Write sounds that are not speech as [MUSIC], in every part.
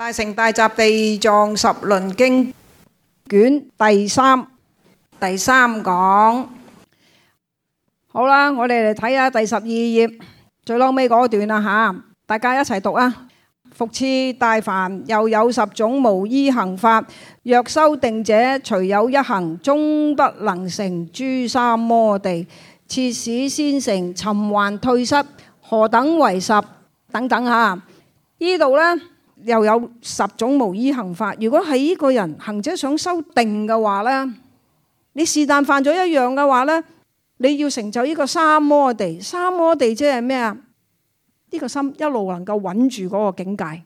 大乘大集地藏十輪經卷第三，第三講。好啦，我哋嚟睇下第十二頁最後尾嗰段啦吓，大家一齊讀啊！復次大梵，又有十種無依行法，若修定者，隨有一行，終不能成諸三摩地。設使先成，尋還退失，何等為十？等等吓，呢度咧。又有十種無依行法。如果係依個人行者想修定嘅話呢，你是但犯咗一樣嘅話呢，你要成就依個三摩地。三摩地即係咩啊？依個心一路能夠穩住嗰個境界，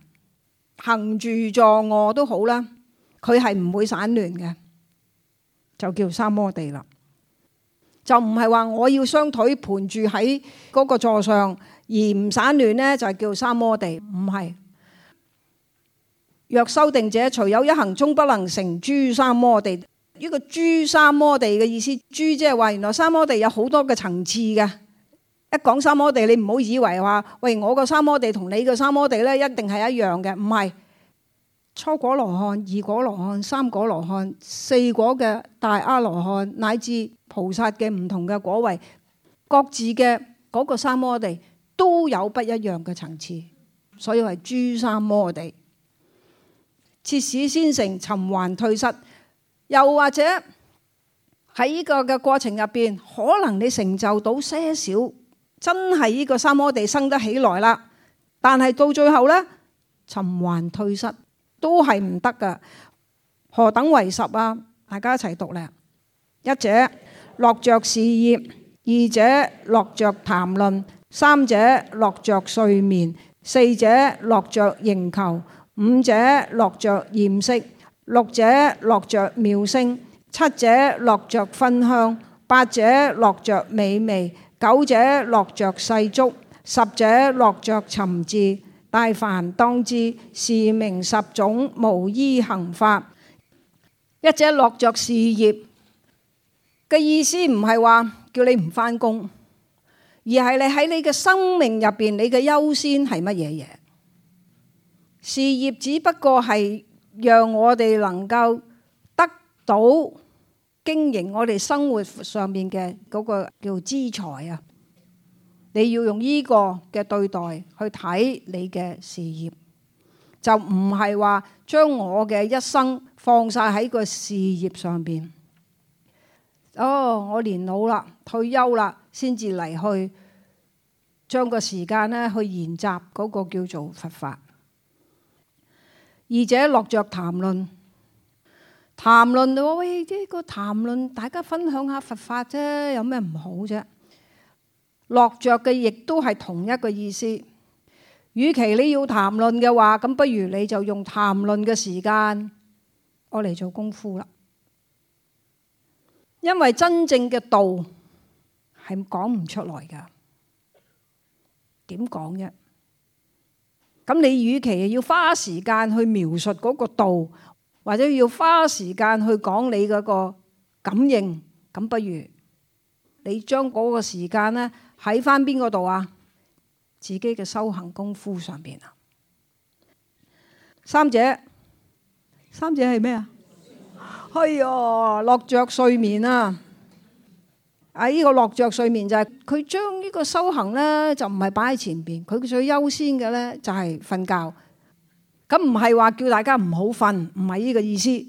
行住坐臥都好啦，佢係唔會散亂嘅，就叫三摩地啦。就唔係話我要雙腿盤住喺嗰個座上而唔散亂呢，就係叫三摩地，唔係。若修定者，隨有一行，終不能成諸三摩地，呢個諸三摩地嘅意思，諸即係話原來三摩地有好多嘅層次嘅。一講三摩地，你唔好以為話喂，我個三摩地同你個三摩地咧，一定係一樣嘅。唔係。初果羅漢、二果羅漢、三果羅漢、四果嘅大阿羅漢乃至菩薩嘅唔同嘅果位，各自嘅嗰個三摩地都有不一樣嘅層次，所以係諸三摩地。設使先成，尋還退失，又或者喺呢個嘅過程入邊，可能你成就到些少，真係呢個三摩地生得起來啦。但係到最後呢，尋還退失都係唔得嘅。何等為十啊？大家一齊讀咧。一者樂著事業，二者樂著談論，三者樂著睡眠，四者樂著營求。五者樂著艷色，六者樂著妙聲，七者樂著芬香，八者樂著美味，九者樂著細觸，十者樂著尋伺，大梵當知是名十種無依行法。一者樂著事業嘅意思唔係話叫你唔返工，而係你喺你嘅生命入邊，你嘅優先係乜嘢嘢？事業只不過係讓我哋能夠得到經營我哋生活上面嘅嗰個叫資財啊！你要用呢個嘅對待去睇你嘅事業，就唔係話將我嘅一生放晒喺個事業上邊。哦，我年老啦，退休啦，先至嚟去將個時間咧去研習嗰個叫做佛法。二者樂著談論，談論我喂，呢個談論，大家分享下佛法啫，有咩唔好啫？樂著嘅亦都係同一個意思。與其你要談論嘅話，咁不如你就用談論嘅時間，我嚟做功夫啦。因為真正嘅道係講唔出來㗎，點講啫？咁你與其要花時間去描述嗰個道，或者要花時間去講你嗰個感應，咁不如你將嗰個時間咧喺翻邊個度啊？自己嘅修行功夫上邊啊？三者，三者係咩啊？哎呀，樂着睡眠啊！喺呢個樂著睡眠就係佢將呢個修行呢就唔係擺喺前邊，佢最優先嘅呢就係瞓覺。咁唔係話叫大家唔好瞓，唔係呢個意思，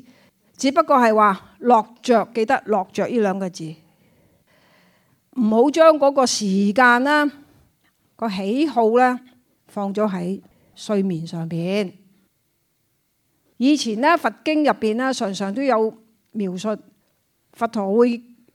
只不過係話樂著記得樂著呢兩個字，唔好將嗰個時間啦、個喜好呢放咗喺睡眠上邊。以前呢佛經入邊呢常常都有描述佛陀會，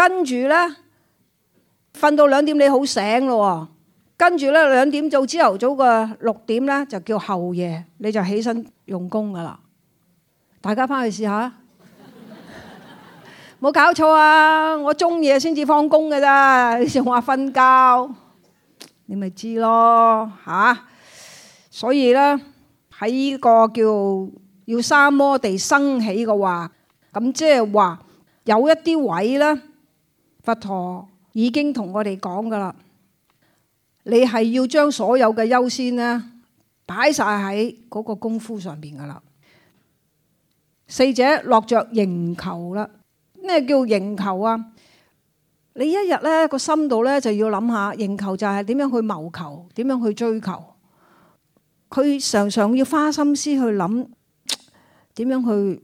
跟住呢，瞓到兩點，你好醒咯。跟住呢，兩點到朝頭早嘅六點呢，就叫後夜，你就起身用功噶啦。大家翻去試下，冇搞錯啊！我中夜先至放工㗎咋，你仲話瞓覺，你咪知咯吓。所以呢，喺呢個叫要三摩地生起嘅話，咁即係話有一啲位呢。不妥，佛陀已經同我哋講噶啦。你係要將所有嘅優先咧，擺晒喺嗰個功夫上邊噶啦。四者樂著營求啦，咩叫營求啊？你一日呢個心度呢，就要諗下營求就係點樣去謀求，點樣去追求。佢常常要花心思去諗，點樣去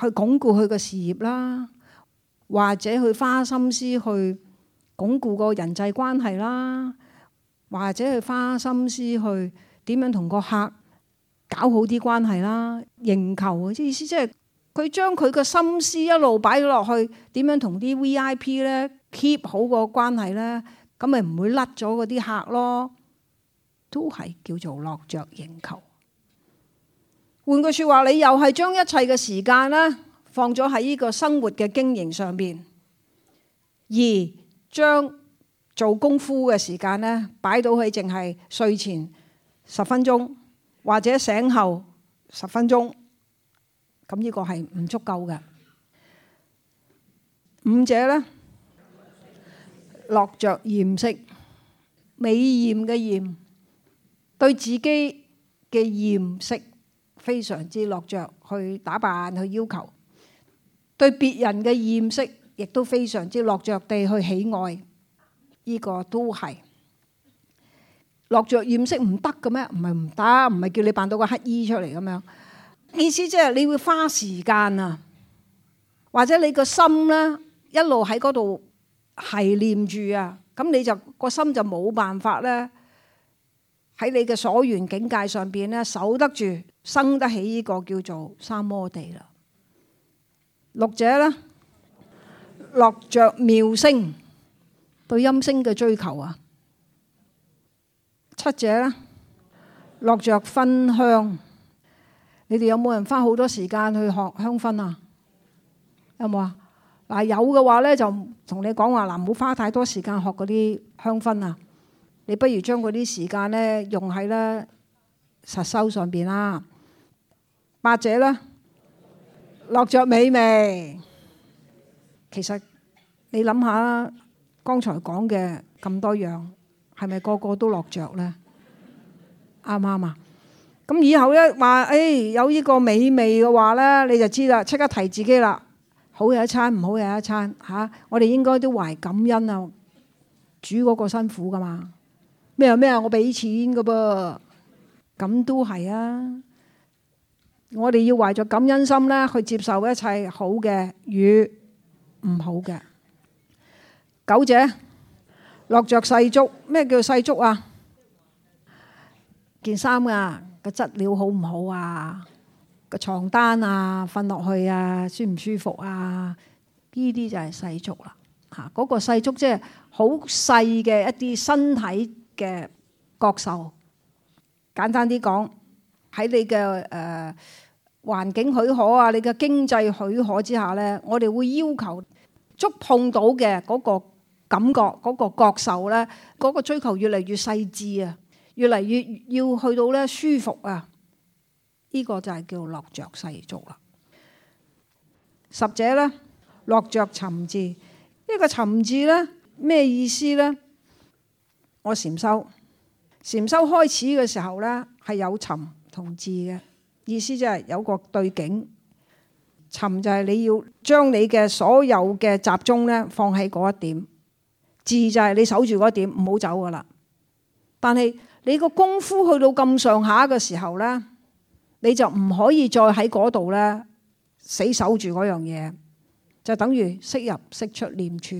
去鞏固佢嘅事業啦。或者去花心思去鞏固個人際關係啦，或者去花心思去點樣同個客搞好啲關係啦，營求嘅即意思即係佢將佢嘅心思一路擺落去，點樣同啲 V.I.P 咧 keep 好個關係咧，咁咪唔會甩咗嗰啲客咯，都係叫做樂着營求。換句説話，你又係將一切嘅時間咧，放咗喺呢個生活嘅經營上邊，而將做功夫嘅時間呢擺到去，淨係睡前十分鐘或者醒後十分鐘，咁呢個係唔足夠嘅。五者呢，樂著豔色，美豔嘅豔，對自己嘅豔色非常之樂著去打扮，去要求。對別人嘅艷色，亦都非常之落着地去喜愛，呢、這個都係落着艷色唔得嘅咩？唔係唔得，唔係叫你扮到個乞衣出嚟咁樣。意思即、就、係、是、你會花時間啊，或者你個心呢一路喺嗰度係念住啊，咁你就個心就冇辦法呢，喺你嘅所緣境界上邊呢守得住、生得起呢個叫做三摩地啦。六者咧，樂著妙聲，對音聲嘅追求啊。七者咧，樂著芬香。你哋有冇人花好多時間去學香薰啊？有冇啊？嗱，有嘅話呢，就同你講話，嗱，唔好花太多時間學嗰啲香薰啊。你不如將嗰啲時間咧用喺咧實修上邊啦、啊。八者呢。樂著美味，其實你諗下啦，剛才講嘅咁多樣，係咪個個都樂著呢？啱唔啱啊？咁以後咧話，誒、哎、有呢個美味嘅話呢，你就知啦，即刻提自己啦，好有一餐，唔好有一餐吓、啊。我哋應該都懷感恩啊，煮嗰個辛苦噶嘛？咩啊咩啊，我俾錢噶噃，咁都係啊。我哋要懷著感恩心咧，去接受一切好嘅與唔好嘅。九者樂著細觸，咩叫細觸啊？件衫啊，個質料好唔好啊？個床單啊，瞓落去啊，舒唔舒服啊？呢啲就係細觸啦。吓，嗰個細觸即係好細嘅一啲身體嘅觸受。簡單啲講，喺你嘅誒。環境許可啊，你嘅經濟許可之下咧，我哋會要求觸碰到嘅嗰個感覺、嗰個覺受咧，嗰個追求越嚟越細緻啊，越嚟越要去到咧舒服啊，呢個就係叫樂著細觸啦。十者咧，樂著尋伺，呢個尋伺咧咩意思咧？我禪修，禪修開始嘅時候咧係有尋同伺嘅。意思即係有個對境，尋就係你要將你嘅所有嘅集中咧放喺嗰一點，伺就係你守住嗰點唔好走噶啦。但係你個功夫去到咁上下嘅時候咧，你就唔可以再喺嗰度咧死守住嗰樣嘢，就等於識入識出念處。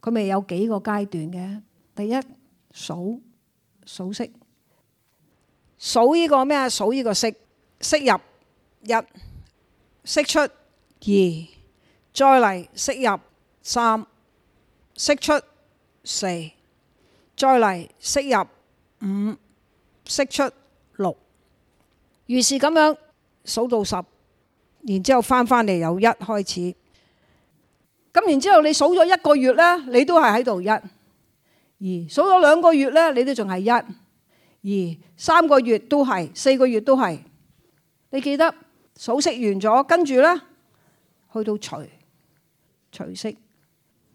佢咪有幾個階段嘅？第一，數數息，數呢個咩啊？數呢個息。息入一，入，息出二，再嚟息入三，息出四，再嚟息入五，息出六，於是咁樣數到十，然之後翻翻嚟由一開始。咁然之後你數咗一個月呢，你都係喺度一、而數咗兩個月呢，你都仲係一、而三個月都係，四個月都係。你記得數息完咗，跟住咧去到除除息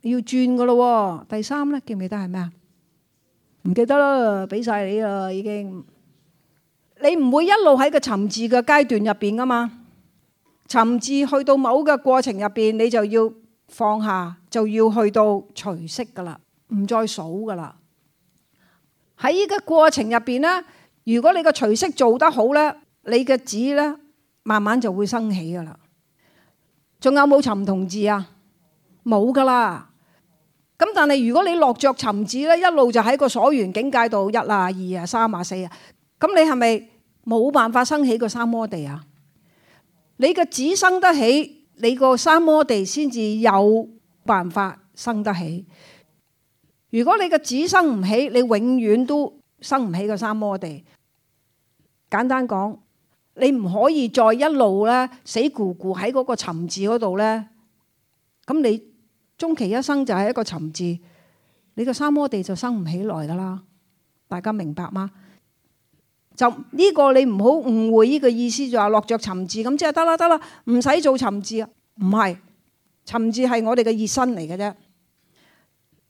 要轉噶咯。第三咧，記唔記得係咩啊？唔記得啦，俾晒你啦，已經。你唔會一路喺個尋伺嘅階段入邊噶嘛？尋伺去到某個過程入邊，你就要放下，就要去到除息噶啦，唔再數噶啦。喺呢個過程入邊咧，如果你個除息做得好咧。你嘅子咧，慢慢就會生起噶啦。仲有冇尋同伺啊？冇噶啦。咁但係如果你落着尋子咧，一路就喺個所緣境界度一啊二啊三啊四啊，咁、嗯、你係咪冇辦法生起個三摩地啊？你嘅子生得起，你個三摩地先至有辦法生得起。如果你嘅子生唔起，你永遠都生唔起個三摩地。簡單講。你唔可以再一路咧死咕咕喺嗰個尋伺嗰度咧，咁你終其一生就係一個尋伺，你個三摩地就生唔起來噶啦。大家明白嗎？就呢、這個你唔好誤會呢個意思，就是，就話樂著尋伺咁即係得啦得啦，唔使做尋伺啊！唔係，尋伺係我哋嘅熱身嚟嘅啫，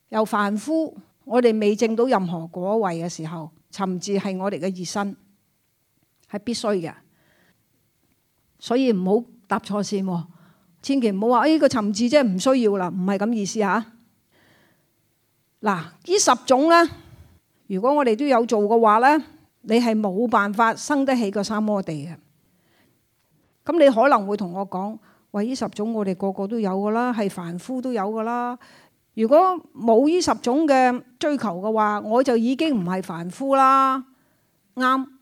又凡夫我哋未證到任何果位嘅時候，尋伺係我哋嘅熱身，係必須嘅。所以唔好搭錯線，千祈唔好話誒呢個層次即係唔需要啦，唔係咁意思吓。嗱、啊，呢十種呢，如果我哋都有做嘅話呢，你係冇辦法生得起個三摩地嘅。咁你可能會同我講，喂、哎，呢十種我哋個個都有噶啦，係凡夫都有噶啦。如果冇呢十種嘅追求嘅話，我就已經唔係凡夫啦。啱。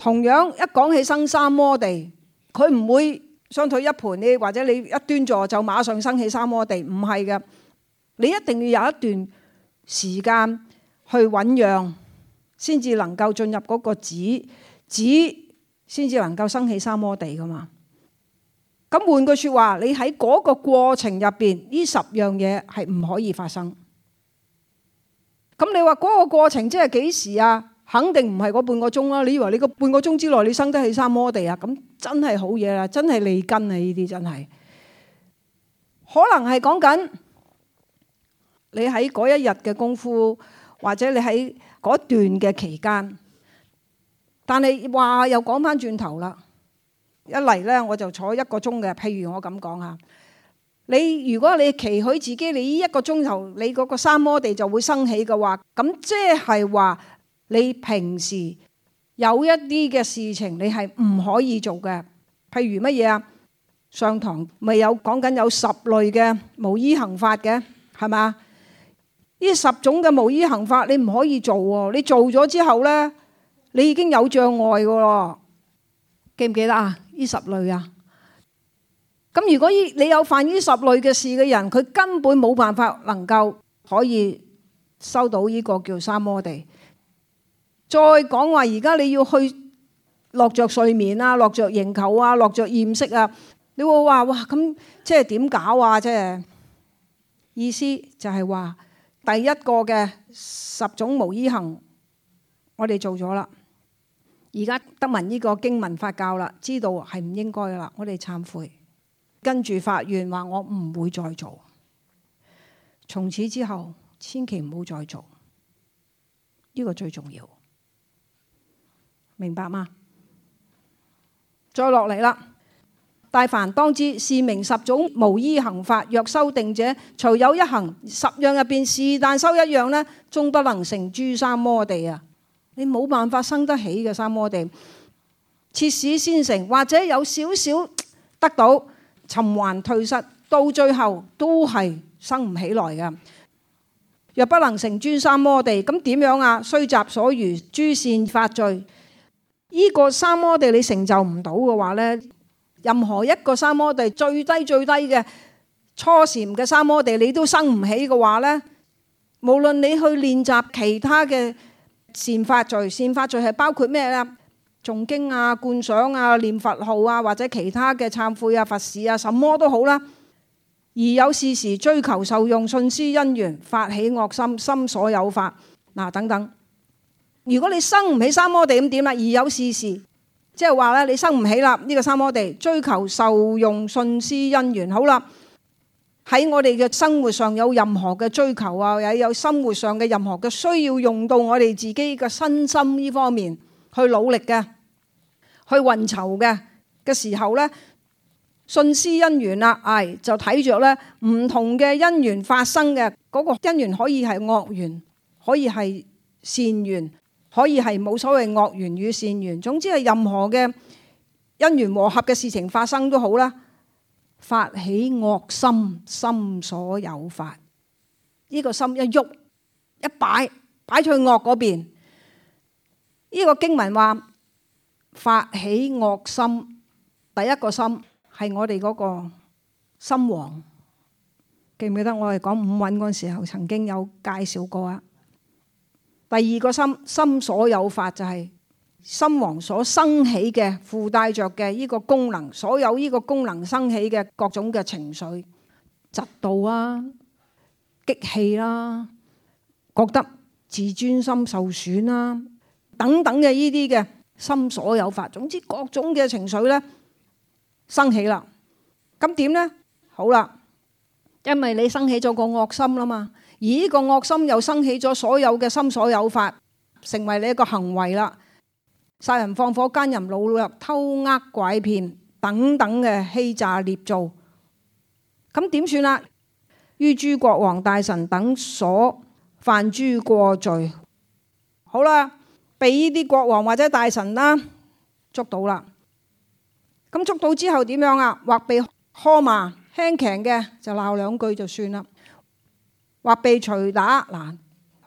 同樣一講起生三摩地，佢唔會雙腿一盤呢，或者你一端坐就馬上生起三摩地，唔係嘅。你一定要有一段時間去醞釀，先至能夠進入嗰個止，止，先至能夠生起三摩地㗎嘛。咁換句説話，你喺嗰個過程入邊，呢十樣嘢係唔可以發生。咁你話嗰個過程即係幾時啊？肯定唔係嗰半個鐘啦！你以為你個半個鐘之內你生得起三摩地啊？咁真係好嘢啦，真係利根啊！呢啲真係可能係講緊你喺嗰一日嘅功夫，或者你喺嗰段嘅期間。但係話又講翻轉頭啦，一嚟呢我就坐一個鐘嘅。譬如我咁講啊，你如果你期許自己你呢一個鐘頭你嗰個三摩地就會生起嘅話，咁即係話。你平時有一啲嘅事情，你係唔可以做嘅。譬如乜嘢啊？上堂咪有講緊有十類嘅無依行法嘅，係咪？呢十種嘅無依行法，你唔可以做喎。你做咗之後呢，你已經有障礙喎。記唔記得啊？呢十類啊？咁如果依你有犯呢十類嘅事嘅人，佢根本冇辦法能夠可以收到呢個叫三摩地。再講話，而家你要去落着睡眠啊，落着營求啊，落着艷色啊，你會話，哇咁即係點搞啊？即係意思就係話，第一個嘅十種無依行，我哋做咗啦。而家得聞呢個經文法教啦，知道係唔應該啦，我哋懺悔，跟住發願話我唔會再做，從此之後千祈唔好再做，呢個最重要。明白嗎？再落嚟啦！大梵當知，是名十種無依行法，若修定者，隨有一行，十樣入邊是但修一樣呢，終不能成諸三摩地啊！你冇辦法生得起嘅三摩地，設使先成，或者有少少得到，尋還退失，到最後都係生唔起來噶。若不能成諸三摩地，咁點樣啊？雖集所餘諸善法聚。依個三摩地你成就唔到嘅話咧，任何一個三摩地最低最低嘅初禪嘅三摩地你都生唔起嘅話咧，無論你去練習其他嘅善法聚，善法聚係包括咩啦？誦經啊、觀想啊、念佛號啊，或者其他嘅懺悔啊、佛事啊，什麼都好啦。而有是事追求受用，信施因緣，發起惡心，心所有法，嗱，等等。如果你生唔起三摩地咁點啦？而有是事，即係話咧，你生唔起啦呢、這個三摩地，追求受用信施因緣，好啦，喺我哋嘅生活上有任何嘅追求啊，又有生活上嘅任何嘅需要用到我哋自己嘅身心呢方面去努力嘅，去運籌嘅嘅時候咧，信施因緣啦，唉、哎，就睇著咧唔同嘅因緣發生嘅嗰、那個因緣可以係惡緣，可以係善緣。可以係冇所謂惡緣與善緣，總之係任何嘅因緣和合嘅事情發生都好啦。發起惡心，心所有法，呢個心一喐一擺擺去惡嗰邊。呢個經文話發起惡心，第一個心係我哋嗰個心王。記唔記得我哋講五蘊嗰陣時候曾經有介紹過啊？第二個心，心所有法就係、是，心王所生起嘅附帶着嘅呢個功能，所有呢個功能生起嘅各種嘅情緒，嫉妒啊、激氣啦、啊、覺得自尊心受損啦、啊、等等嘅呢啲嘅心所有法，總之各種嘅情緒咧生起啦。咁點呢？好啦，因為你生起咗個惡心啦嘛。而呢個惡心又生起咗，所有嘅心所有法，成為你一個行為啦，殺人放火、姦淫擄掠、偷呃拐騙等等嘅欺詐捏造，咁點算啦？於諸國王大臣等所犯諸過罪，好啦，俾呢啲國王或者大臣啦捉到啦，咁捉到之後點樣啊？或被呵罵，輕強嘅就鬧兩句就算啦。或被捶打嗱，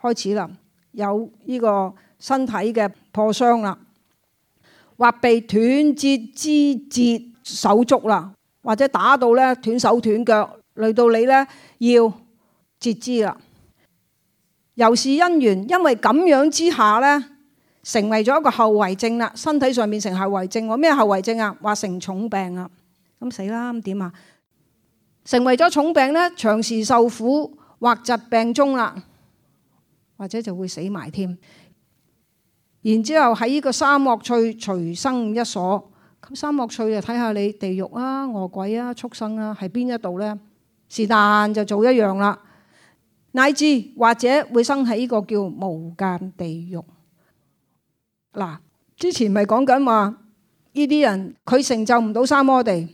開始啦，有呢個身體嘅破傷啦，或被斷截肢截，截，節手足啦，或者打到咧斷手斷腳，累到你咧要截肢啦。由是因緣，因為咁樣之下咧，成為咗一個後遺症啦，身體上面成後遺症。咩後遺症啊？話成重病啊，咁死啦咁點啊？成為咗重病咧，長時受苦。或疾病中啦，或者就會死埋添。然之後喺呢個三惡趣隨生一所，咁三惡趣就睇下你地獄啊、餓鬼啊、畜生啊，喺邊一度呢？是但就做一樣啦，乃至或者會生喺呢個叫無間地獄。嗱，之前咪講緊話呢啲人佢成就唔到三摩地，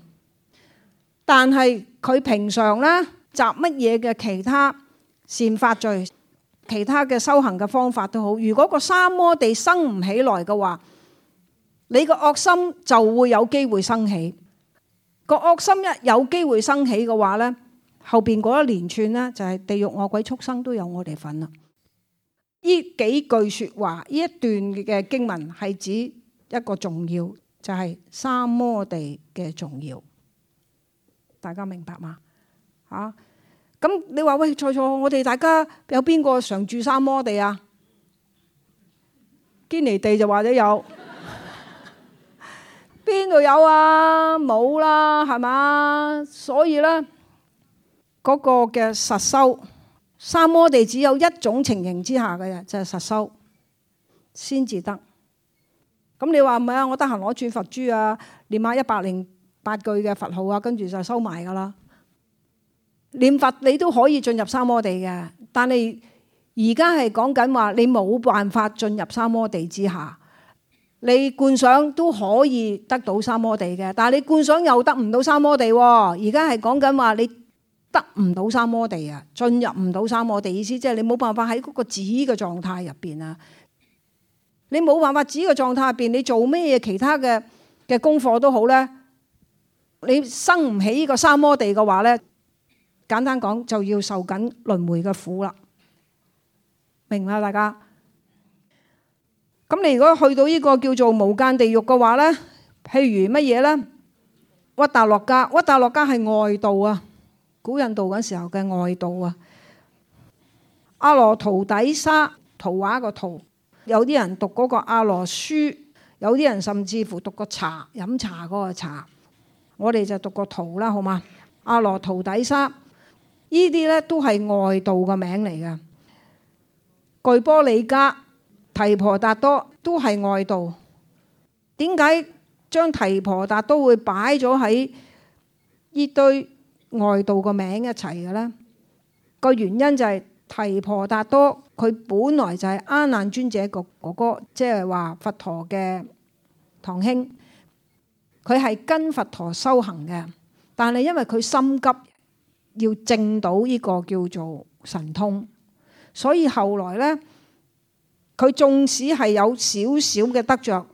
但係佢平常呢。集乜嘢嘅其他善法罪，其他嘅修行嘅方法都好。如果個三摩地生唔起來嘅話，你個惡心就會有機會生起。個惡心一有機會生起嘅話呢，後邊嗰一連串呢，就係地獄惡鬼畜生都有我哋份啦。呢幾句說話，呢一段嘅經文係指一個重要，就係三摩地嘅重要。大家明白嗎？啊？咁你話喂，錯錯，我哋大家有邊個常住三摩地啊？堅尼地就或者有，邊度有啊？冇啦，係嘛？所以咧，嗰個嘅實修三摩地只有一種情形之下嘅啫，就係實修先至得。咁你話唔係啊？我得閒攞串佛珠啊，念下一百零八句嘅佛號啊，跟住，就收埋噶啦。念佛你都可以進入三摩地嘅，但係而家係講緊話你冇辦法進入三摩地之下。你觀想都可以得到三摩地嘅，但係你觀想又得唔到三摩地喎。而家係講緊話你得唔到三摩地啊，進入唔到三摩地意思，即係你冇辦法喺嗰個止嘅狀態入邊啊。你冇辦法止嘅狀態入邊，你做咩嘢其他嘅嘅功課都好咧，你生唔起呢個三摩地嘅話咧，簡單講就要受緊輪回嘅苦啦，明啦大家。咁你如果去到呢個叫做無間地獄嘅話呢，譬如乜嘢呢？嗯「嗢達洛迦，嗢達洛迦係外道啊，古印度嗰時候嘅外道啊。阿羅圖底沙，圖畫個圖，有啲人讀嗰個阿羅書，有啲人甚至乎讀個茶，飲茶嗰個茶，我哋就讀個圖啦，好嘛？阿羅圖底沙。呢啲咧都係外道嘅名嚟噶，瞿波理迦、提婆達多都係外道。點解將提婆達多會擺咗喺呢堆外道個名一齊嘅呢？個原因就係提婆達多佢本來就係阿難尊者個哥哥，即係話佛陀嘅堂兄，佢係跟佛陀修行嘅，但係因為佢心急。要證到呢個叫做神通，所以後來咧，佢縱使係有少少嘅得着，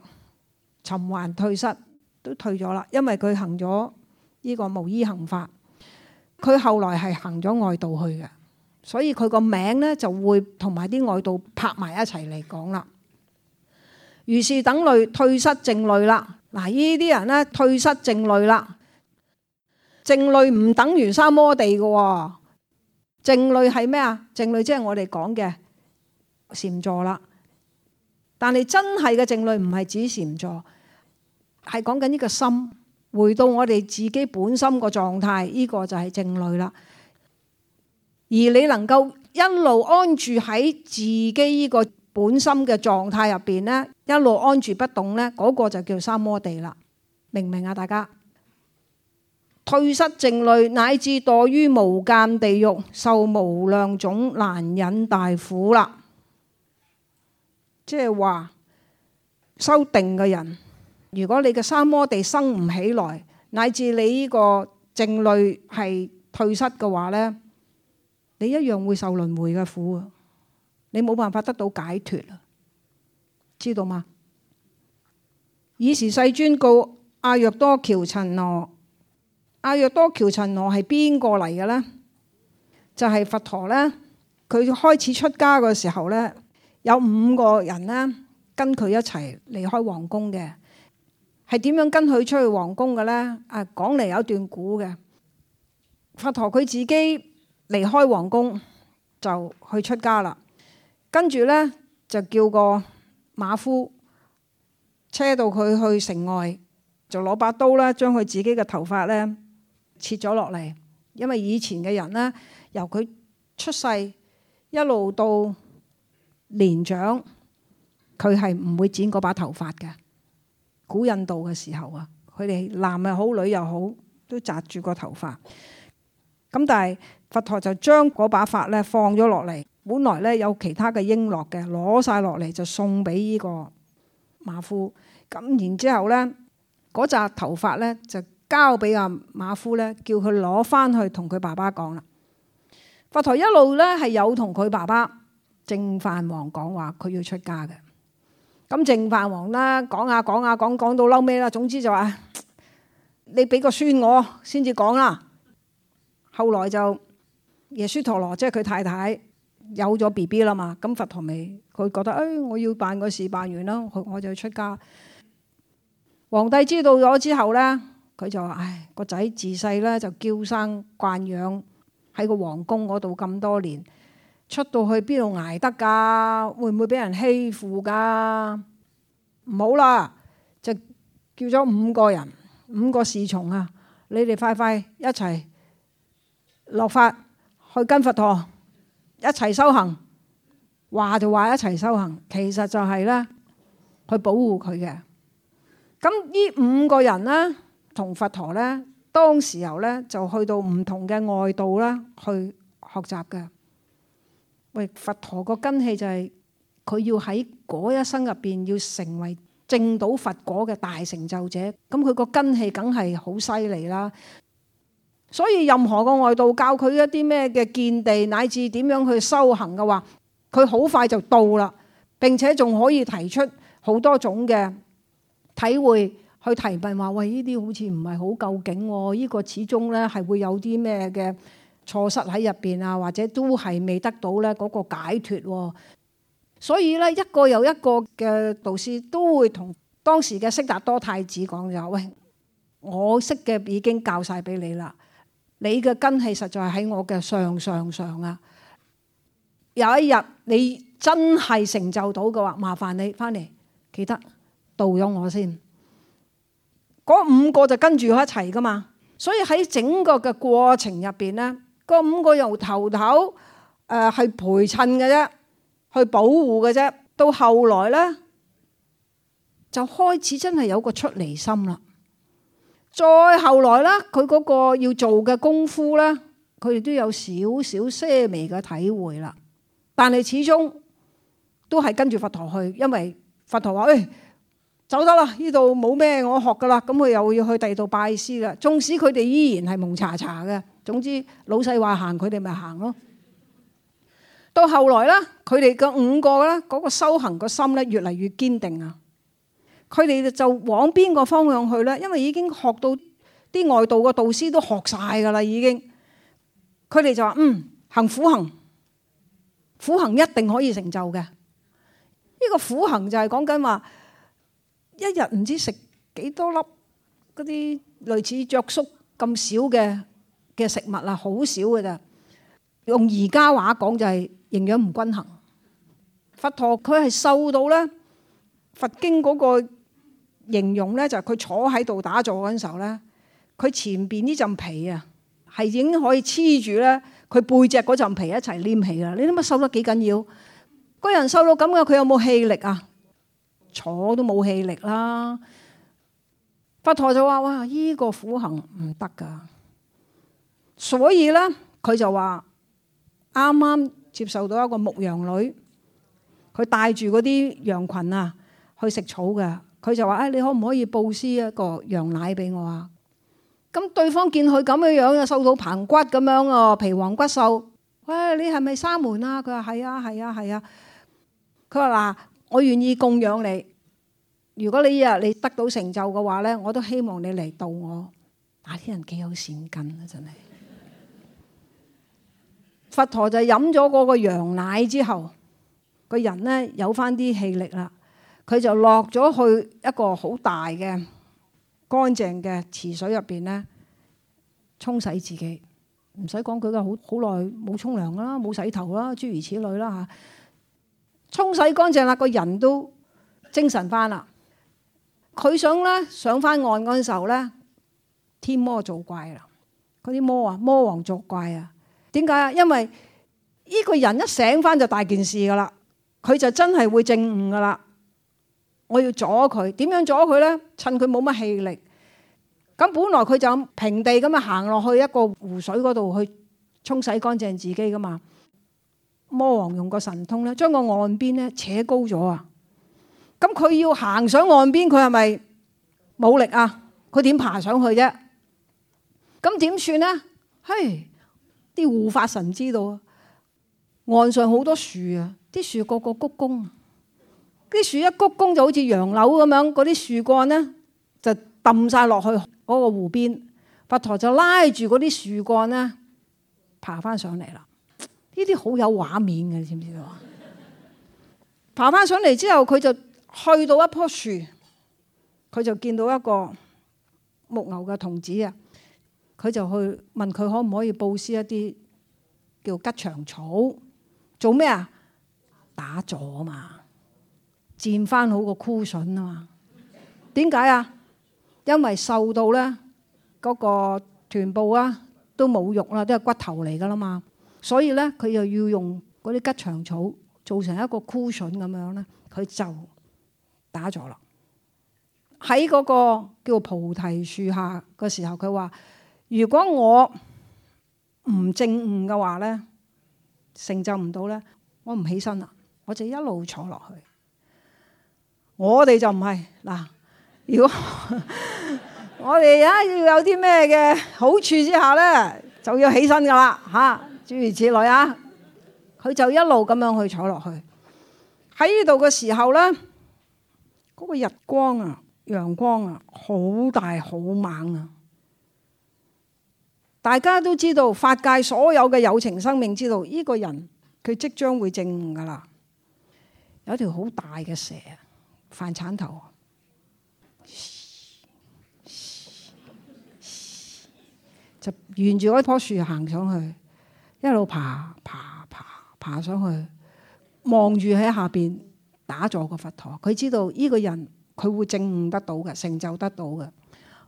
尋還退失都退咗啦。因為佢行咗呢個無依行法，佢後來係行咗外道去嘅，所以佢個名咧就會同埋啲外道拍埋一齊嚟講啦。如是等類，退失靜慮啦，嗱呢啲人咧退失靜慮啦。靜慮唔等於三摩地噶，靜慮係咩啊？靜慮即係我哋講嘅禪坐啦。但係真係嘅靜慮唔係指禪坐，係講緊呢個心回到我哋自己本心個狀態，呢個就係靜慮啦。而你能夠一路安住喺自己呢個本心嘅狀態入邊咧，一路安住不動咧，嗰個就叫三摩地啦。明唔明啊？大家？退失靜慮，乃至墮於無間地獄，受無量種難忍大苦啦。即係話修定嘅人，如果你嘅三摩地生唔起來，乃至你呢個靜慮係退失嘅話呢，你一樣會受輪迴嘅苦，你冇辦法得到解脫，知道嗎？爾時世尊告阿若多憍陳那。阿若多憍陳羅係邊個嚟嘅呢就係佛陀呢。佢開始出家嘅時候呢，有五個人呢跟佢一齊離開皇宮嘅，係點樣跟佢出去皇宮嘅呢？啊，講嚟有段古嘅。佛陀佢自己離開皇宮就去出家啦，跟住呢，就叫個馬夫車到佢去城外，就攞把刀啦，將佢自己嘅頭髮呢。切咗落嚟，因為以前嘅人呢，由佢出世一路到年長，佢係唔會剪嗰把頭髮嘅。古印度嘅時候啊，佢哋男又好，女又好，都紮住個頭髮。咁但係佛陀就將嗰把髮呢放咗落嚟，本來呢有其他嘅瓔珞嘅，攞晒落嚟就送俾呢個馬夫。咁然之後呢嗰紮頭髮呢就。交俾阿馬夫咧，叫佢攞翻去同佢爸爸講啦。佛陀一路咧係有同佢爸爸淨飯王講話，佢要出家嘅。咁淨飯王啦，講下講下講，講到嬲咩啦。總之就話、是、你俾個孫我先至講啦。後來就耶輸陀羅即係佢太太有咗 B B 啦嘛，咁佛陀咪佢覺得誒、哎、我要辦個事辦完囉，我就要出家。皇帝知道咗之後咧。佢就話：「唉，個仔自細呢，就嬌生慣養，喺個皇宮嗰度咁多年，出到去邊度捱得㗎？會唔會俾人欺負㗎？唔好啦，就叫咗五個人，五個侍從啊！你哋快快一齊落髮去跟佛陀一齊修行，話就話一齊修行，其實就係呢，去保護佢嘅。咁呢五個人呢。」同佛陀咧，當時候咧就去到唔同嘅外道啦，去學習嘅。喂，佛陀個根器就係佢要喺嗰一生入邊要成為證到佛果嘅大成就者，咁佢個根器梗係好犀利啦。所以任何個外道教佢一啲咩嘅見地，乃至點樣去修行嘅話，佢好快就到啦，並且仲可以提出好多種嘅體會。去提問話：喂，呢啲好似唔係好究竟喎！呢、呢個始終咧係會有啲咩嘅錯失喺入邊啊，或者都係未得到咧嗰個解脫。所以咧，一個又一個嘅導師都會同當時嘅悉達多太子講就喂，我識嘅已經教晒俾你啦，你嘅根氣實在喺我嘅上上上啊！有一日你真係成就到嘅話，麻煩你返嚟，記得度咗我先。嗰五個就跟住佢一齊㗎嘛，所以喺整個嘅過程入邊咧，嗰五個由頭頭誒係、呃、陪襯嘅啫，去保護嘅啫。到後來咧，就開始真係有個出離心啦。再後來咧，佢嗰個要做嘅功夫咧，佢哋都有少少些微嘅體會啦。但係始終都係跟住佛陀去，因為佛陀話誒。哎走得啦，呢度冇咩我學噶啦，咁佢又要去第二度拜師啦。縱使佢哋依然係蒙查查嘅，總之老細話行，佢哋咪行咯。到後來咧，佢哋個五個咧，嗰個修行個心咧越嚟越堅定啊。佢哋就往邊個方向去咧？因為已經學到啲外道嘅導師都學晒噶啦，已經。佢哋就話嗯，行苦行，苦行一定可以成就嘅。呢個苦行就係講緊話。一日唔知食幾多粒嗰啲類似雀粟咁少嘅嘅食物啊，好少噶咋？用而家話講就係營養唔均衡。佛陀佢係瘦到咧，佛經嗰個形容咧就係佢坐喺度打坐嗰陣時候咧，佢前邊呢陣皮啊，係已經可以黐住咧佢背脊嗰陣皮一齊黏起啦。你諗下，瘦得幾緊要？個人瘦到咁嘅，佢有冇氣力啊？坐都冇氣力啦！佛陀就話：哇，依、這個苦行唔得噶。所以咧，佢就話啱啱接受到一個牧羊女，佢帶住嗰啲羊群啊去食草嘅。佢就話：啊、哎，你可唔可以布施一個羊奶俾我啊？咁對方見佢咁嘅樣，又瘦到棚骨咁樣啊，皮黃骨瘦。喂，你係咪沙門啊？佢話：係啊，係啊，係啊。佢話嗱。我願意供養你。如果你日你得到成就嘅話咧，我都希望你嚟度我。那、啊、啲人幾有善根啊！真係。 [LAUGHS] 佛陀就係飲咗嗰個羊奶之後，個人咧有翻啲氣力啦。佢就落咗去一個好大嘅乾淨嘅池水入邊咧，沖洗自己。唔使講，佢嘅好好耐冇沖涼啦，冇洗，洗頭啦，諸如此類啦嚇。沖洗乾淨啦，個人都精神翻啦。佢想咧上翻岸嗰陣時候咧，天魔作怪啦。嗰啲魔啊，魔王作怪啊。點解啊？因為依個人一醒翻就大件事噶啦。佢就真係會證悟噶啦。我要阻佢，點樣阻佢咧？趁佢冇乜氣力。咁本來佢就平地咁樣行落去一個湖水嗰度去沖洗乾淨自己噶嘛。魔王用個神通咧，將個岸邊咧扯高咗啊！咁佢要行上岸邊，佢係咪冇力啊？佢點爬上去啫？咁點算咧？嘿！啲護法神知道啊，岸上好多樹啊，啲樹個個鞠躬，啊，啲樹一鞠躬就好似楊柳咁樣，啲樹幹咧就抌晒落去個湖邊，佛陀就拉住啲樹幹咧，爬翻上嚟啦。呢啲好有畫面嘅，你知唔知道啊？ [LAUGHS] 爬翻上嚟之後，佢就去到一棵樹，佢就見到一個牧牛嘅童子啊。佢就去問佢可唔可以布施一啲叫吉祥草，做咩啊？打坐啊嘛，佔翻好個枯筍啊嘛。點解啊？因為瘦到咧，嗰個臀部啊都冇肉啦，都係骨頭嚟噶啦嘛。所以咧，佢又要用嗰啲吉祥草做成一個枯 u s 咁樣咧，佢就打咗啦。喺嗰、那個叫菩提樹下嘅時候，佢話：如果我唔正悟嘅話咧，成就唔到咧，我唔起身啦，我就一路坐落去。我哋就唔係嗱，如果 [LAUGHS] 我哋而家要有啲咩嘅好處之下咧，就要起身噶啦嚇。啊諸如此類啊，佢就一路咁樣去坐落去。喺呢度嘅時候呢，嗰、那個日光啊，陽光啊，好大好猛啊！大家都知道，法界所有嘅有情生命知道，呢、這個人佢即將會正㗎喇。有條好大嘅蛇，飯鏟頭，就沿住嗰棵樹行上去。一路爬爬爬爬上去，望住喺下邊打坐個佛陀，佢知道依個人佢會證悟得到嘅，成就得到嘅。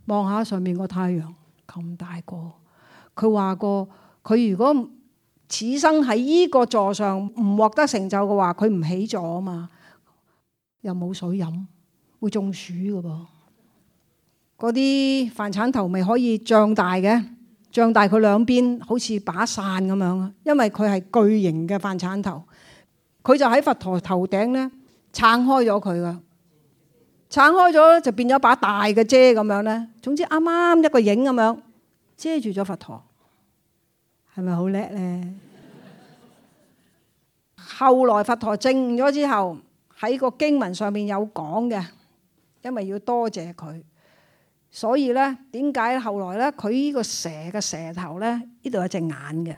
望下上面個太陽咁大個，佢話過佢如果此生喺依個座上唔獲得成就嘅話，佢唔起座啊嘛，又冇水飲，會中暑噶噃。嗰啲飯鏟頭咪可以脹大嘅。像大佢兩邊好似把傘咁樣，因為佢係巨型嘅飯鏟頭，佢就喺佛陀頭頂咧撐開咗佢噶，撐開咗就變咗把大嘅遮咁樣咧。總之啱啱一個影咁樣遮住咗佛陀，係咪好叻咧？ [LAUGHS] 後來佛陀正咗之後，喺個經文上面有講嘅，因為要多謝佢。所以咧，點解後來咧，佢依個蛇嘅蛇頭咧，依度有隻眼嘅。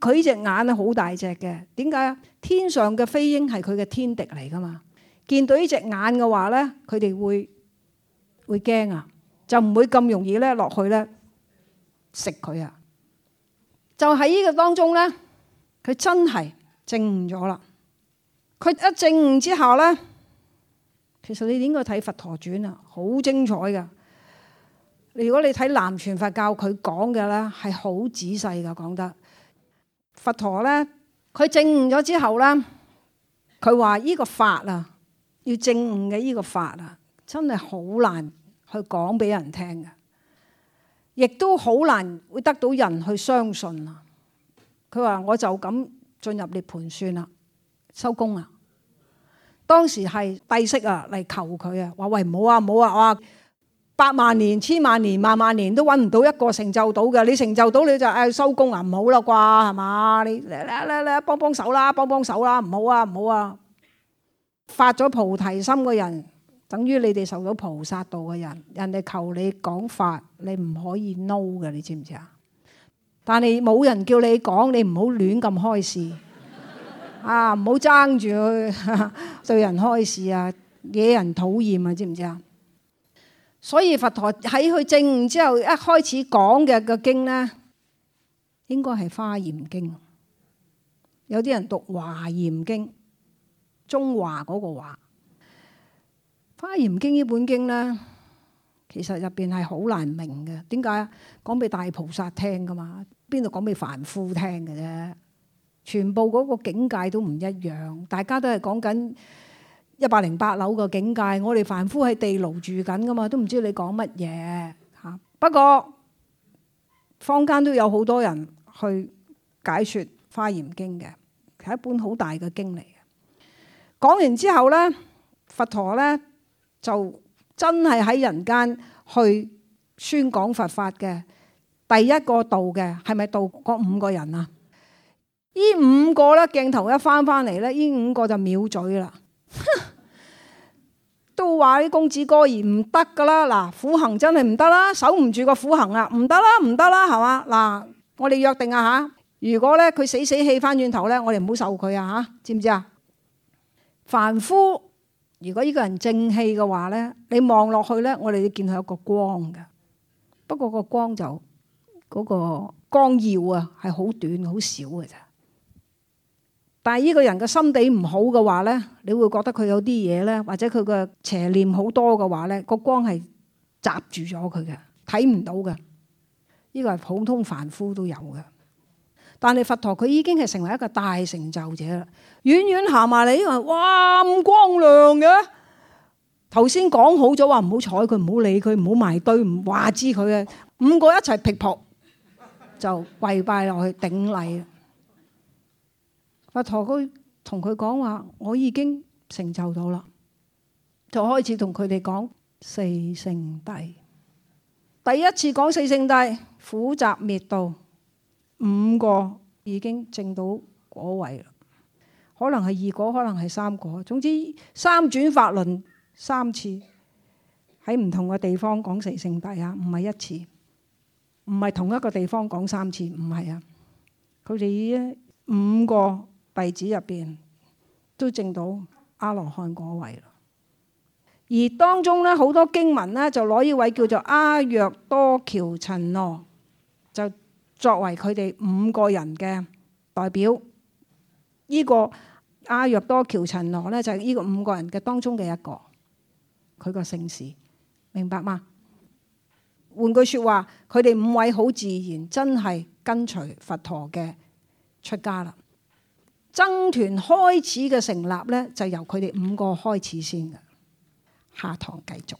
佢依隻眼咧好大隻嘅。點解？天上嘅飛鷹係佢嘅天敵嚟噶嘛？見到依隻眼嘅話咧，佢哋會會驚啊！就唔會咁容易咧落去咧食佢啊！就喺依個當中咧，佢真係靜悟咗啦。佢一靜悟之後咧，其實你應該睇《佛陀傳》啊，好精彩噶～如果你睇南傳佛教佢講嘅咧，係好仔細噶講得。佛陀咧，佢證悟咗之後咧，佢話依個法啊，要證悟嘅依個法啊，真係好難去講俾人聽嘅，亦都好難會得到人去相信啊。佢話我就咁進入涅槃算啦，收工啦，啊。當時係帝釋啊，嚟求佢啊，話喂，唔好啊，唔好啊啊！啊百萬年、千萬年、萬萬年都揾唔到一個成就到嘅，你成就到你就誒收工啊，唔好啦啩，係嘛？你嚟嚟嚟嚟幫幫手啦，幫幫手啦，唔好啊，唔好啊！發咗菩提心嘅人，等於你哋受咗菩薩道嘅人，人哋求你講法，你唔可以 no 嘅，你知唔知啊？但係冇人叫你講，你唔好亂咁開示啊！唔好爭住去對人開示啊，惹人討厭啊，知唔知啊？所以佛陀喺佢正之後一開始講嘅個經咧，應該係《花嚴經》，有啲人讀《華嚴經》，中華嗰個華，《花嚴經》呢本經咧，其實入邊係好難明嘅。點解？講俾大菩薩聽噶嘛，邊度講俾凡夫聽嘅啫？全部嗰個境界都唔一樣，大家都係講緊。一百零八樓嘅境界，我哋凡夫喺地牢住緊噶嘛，都唔知你講乜嘢吓。不過坊間都有好多人去解說《華嚴經》嘅，係一本好大嘅經嚟。講完之後咧，佛陀咧就真係喺人間去宣講佛法嘅。第一個度嘅係咪度嗰五個人啊？呢五個咧鏡頭一翻翻嚟咧，呢五個就秒嘴啦。 [LAUGHS] 都話啲公子哥兒唔得噶啦，嗱，苦行真係唔得啦，守唔住個苦行啊，唔得啦，唔得啦，係嘛？嗱，我哋約定啊吓。如果咧佢死死氣翻轉頭咧，我哋唔好受佢啊吓，知唔知啊？凡夫如果呢個人正氣嘅話咧，你望落去咧，我哋見佢有個光㗎，不過個光就嗰、嗰個光耀啊係好短好少嘅咋。但係呢個人嘅心地唔好嘅話咧，你會覺得佢有啲嘢咧，或者佢嘅邪念好多嘅話咧，個光係擲住咗佢嘅，睇唔到嘅。呢個係普通凡夫都有嘅，但係佛陀佢已經係成為一個大成就者啦，遠遠行埋嚟，呢個哇咁光亮嘅。頭先講好咗話唔好睬佢，唔好理佢，唔好埋堆，唔話知佢嘅，五個一齊劈破就跪拜落去頂禮。佛陀佢同佢講話，我已經成就到啦，就開始同佢哋講四聖諦。第一次講四聖諦，苦集滅道，五個已經證到果位啦。可能係二果，可能係三果。總之，三轉法輪三次喺唔同嘅地方講四聖諦啊，唔係一次，唔係同一個地方講三次，唔係啊。佢哋呢五個。弟子入邊都證到阿羅漢果位，而當中呢，好多經文呢，就攞呢位叫做阿若多憍陳那就作為佢哋五個人嘅代表。呢個阿若多憍陳那呢，就係呢個五個人嘅當中嘅一個，佢個姓氏，明白嗎？換句說話，佢哋五位好自然，真係跟隨佛陀嘅出家啦。僧團開始嘅成立咧，就由佢哋五個開始先嘅，下堂繼續。